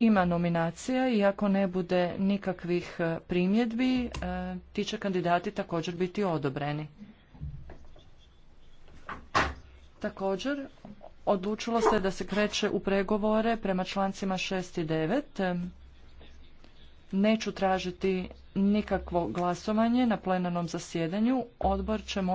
Ima nominacija i ako ne bude nikakvih e, primjedbi, e, ti će kandidati također biti odobreni. Također, odlučilo se da se kreće u pregovore prema člancima 6 i 9. E, neću tražiti nikakvo glasovanje na plenarnom zasjedanju. Odbor će moći